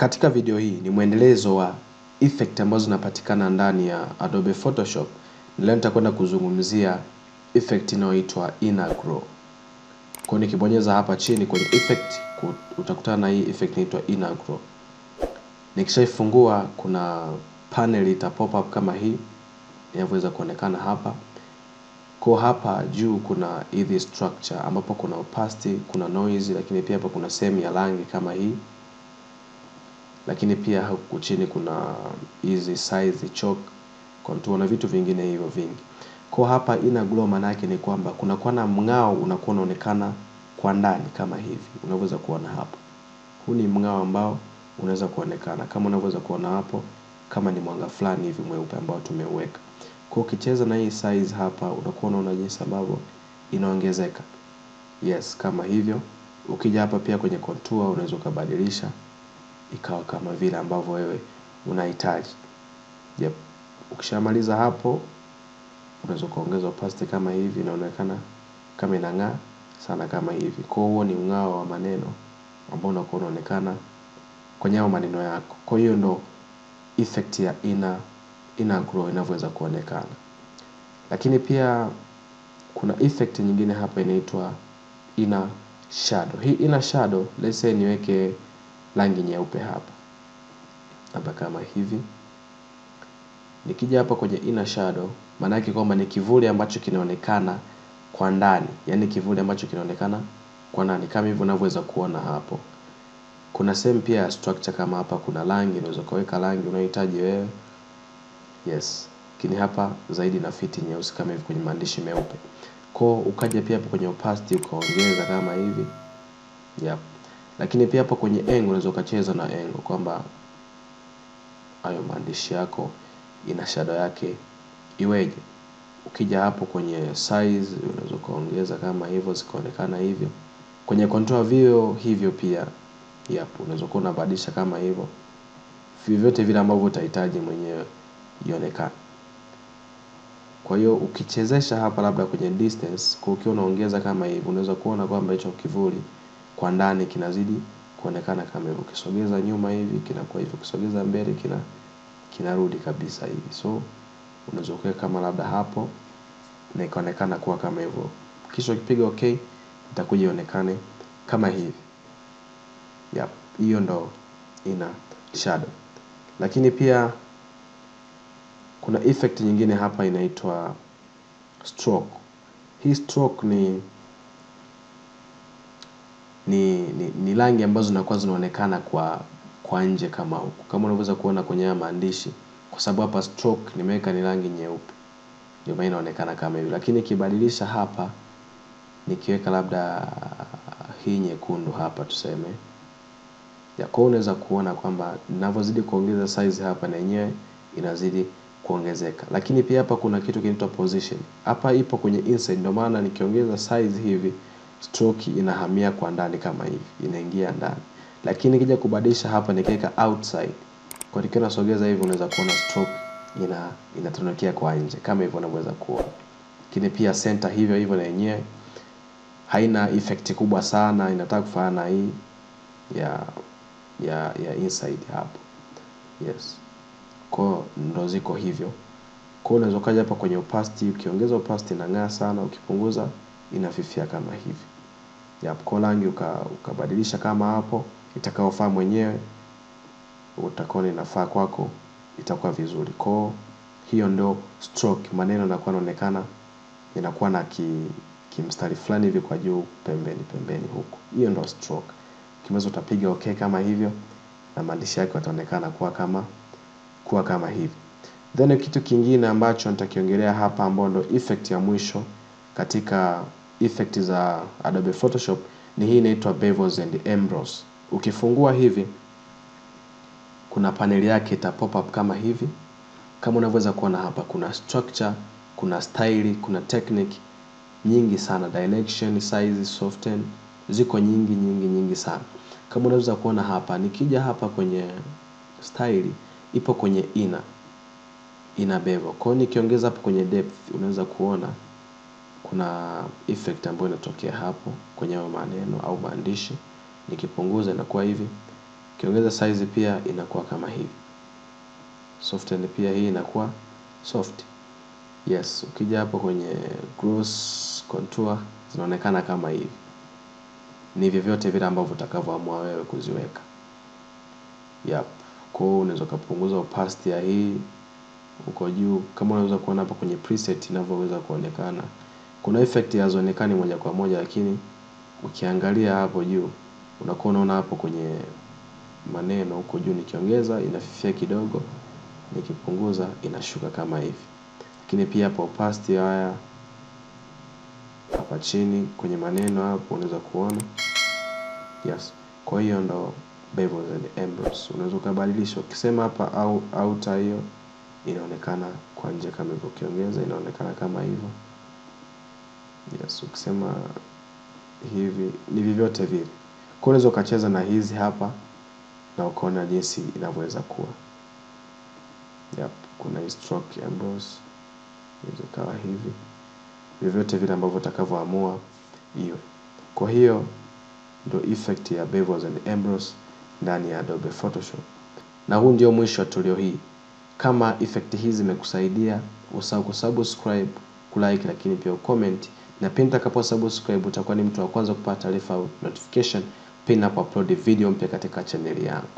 Katika video hii ni mwendelezo wa effect ambazo zinapatikana ndani ya Adobe Photoshop. Leo nitakwenda kuzungumzia effect inayoitwa inner glow. Kwa nikibonyeza hapa chini kwenye effect utakutana na hii effect inaitwa inner glow. Nikishaifungua kuna panel ita pop up kama hii inavyoweza kuonekana hapa. Kwa hapa juu kuna hizi structure ambapo kuna opacity, kuna noise lakini pia hapa kuna sehemu ya rangi kama hii lakini pia huku chini kuna hizi size chalk contour na vitu vingine hivyo vingi kwa hapa ina glow maana yake ni kwamba kuna kwa na mng'ao unakuwa unaonekana kwa ndani kama hivi unaweza kuona hapo huu ni mng'ao ambao unaweza kuonekana kama unaweza kuona hapo kama ni mwanga fulani hivi mweupe ambao tumeuweka kwa ukicheza na hii size hapa unakuwa unaona jinsi ambavyo inaongezeka yes kama hivyo ukija hapa pia kwenye contour unaweza kubadilisha ikawa kama vile ambavyo wewe unahitaji yep. ukishamaliza hapo unaweza ukaongeza paste kama hivi inaonekana kama inang'aa sana kama hivi kwa huo ni ung'ao wa maneno ambao unakuwa unaonekana kwenye hayo maneno yako kwa hiyo ndo effect ya ina ina grow inavyoweza kuonekana lakini pia kuna effect nyingine hapa inaitwa ina shadow hii ina shadow let's say niweke rangi nyeupe hapa hapa kama hivi nikija hapa kwenye inner shadow maana yake kwamba ni kivuli ambacho kinaonekana kwa ndani yani kivuli ambacho kinaonekana kwa ndani kama hivyo unavyoweza kuona hapo kuna sehemu pia ya structure kama hapa kuna rangi unaweza kuweka rangi unayohitaji wewe yes lakini hapa zaidi na fiti nyeusi kama hivi kwenye maandishi meupe ko ukaja pia hapo kwenye opacity ukaongeza kama hivi yep lakini pia hapo kwenye engo unaweza ukacheza na engo kwamba hayo maandishi yako ina shadow yake iweje ukija hapo kwenye size unaweza ukaongeza kama hivyo zikaonekana hivyo kwenye control view hivyo pia yapo unaweza kuwa unabadilisha kama hivyo vyovyote vile ambavyo utahitaji mwenyewe ionekane kwa hiyo ukichezesha hapa labda kwenye distance kwa ukiwa unaongeza kama hivi unaweza kuona kwamba hicho kivuli kwa ndani kinazidi kuonekana kama hivyo ukisogeza nyuma hivi kinakuwa hivyo ukisogeza mbele kina kinarudi kabisa hivi so unaweza kama labda hapo na ikaonekana kuwa kama hivyo kisha ukipiga okay itakuja ionekane kama hivi yep hiyo ndo ina shadow lakini pia kuna effect nyingine hapa inaitwa stroke hii stroke ni ni, ni, ni rangi ambazo zinakuwa zinaonekana kwa kwa nje kama huku kama unavyoweza kuona kwenye haya maandishi kwa sababu hapa stroke nimeweka ni rangi nyeupe ndio maana inaonekana kama hivi lakini kibadilisha hapa nikiweka labda hii nyekundu hapa tuseme ya kwa unaweza kuona kwamba ninavyozidi kuongeza size hapa na yenyewe inazidi kuongezeka lakini pia hapa kuna kitu kinaitwa position hapa ipo kwenye inside ndio maana nikiongeza size hivi stroke inahamia kwa ndani kama hivi inaingia ndani lakini kija kubadilisha hapa nikaweka outside kwa nikiwa nasogeza hivi unaweza kuona stroke ina inatonokea kwa nje kama hivyo unavyoweza kuona lakini pia center hivyo hivyo na yenyewe haina effect kubwa sana inataka kufanana na hii ya ya ya inside hapo yes kwa ndo ziko hivyo kwa unaweza kaja hapa kwenye opacity ukiongeza opacity inang'aa sana ukipunguza inafifia kama hivi yep, call rangi ukabadilisha uka kama hapo itakaofaa mwenyewe utakaona inafaa kwako itakuwa vizuri koo hiyo ndo stroke maneno yanakuwa naonekana inakuwa na ki kimstari fulani hivi kwa juu pembeni pembeni huko hiyo ndo stroke kimeweza utapiga okay kama hivyo na maandishi yake yataonekana kuwa kama kuwa kama hivi then kitu kingine ambacho nitakiongelea hapa ambao ndo effect ya mwisho katika effect za Adobe Photoshop ni hii inaitwa Bevels and Embros. Ukifungua hivi kuna paneli yake ita pop up kama hivi, kama unavyoweza kuona hapa, kuna structure, kuna style, kuna technique nyingi sana, direction, size, soften, ziko nyingi nyingi nyingi sana. Kama unaweza kuona hapa, nikija hapa kwenye style ipo kwenye inner ina bevel. Kwa hiyo nikiongeza hapo kwenye depth unaweza kuona kuna effect ambayo inatokea hapo kwenye hayo maneno au maandishi nikipunguza inakuwa hivi kiongeza size pia inakuwa kama hivi soften pia hii inakuwa soft yes ukija hapo kwenye gross contour zinaonekana kama hivi ni vyovyote vile ambavyo utakavyoamua wewe kuziweka yep. kwa hiyo unaweza ukapunguza opacity ya hii uko juu kama unaweza kuona hapa kwenye preset inavyoweza kuonekana kuna effect hazionekani moja kwa moja, lakini ukiangalia hapo juu unakuwa unaona hapo kwenye maneno huko juu, nikiongeza inafifia kidogo, nikipunguza inashuka kama hivi. Lakini pia hapo opacity haya hapa chini kwenye maneno hapo unaweza kuona yes. Kwa hiyo ndo bevels and emblems, unaweza ukabadilisha ukisema hapa au outer, hiyo inaonekana kwa nje kama hivyo, ukiongeza inaonekana kama hivyo. Yes, ukisema hivi ni vyovyote vile. Kwa unaweza ukacheza na hizi hapa na ukaona jinsi inavyoweza kuwa. Yep, kuna hii stroke ya emboss hizo kawa hivi. Vyovyote vile ambavyo utakavyoamua hiyo. Kwa hiyo ndio effect ya bevels and emboss ndani ya Adobe Photoshop. Na huu ndio mwisho wa tulio hii. Kama effect hizi zimekusaidia, usahau kusubscribe, kulike lakini pia ucomment na pindi utakapo subscribe utakuwa ni mtu wa kwanza kupata taarifa notification pindi napo upload video mpya katika chaneli yangu.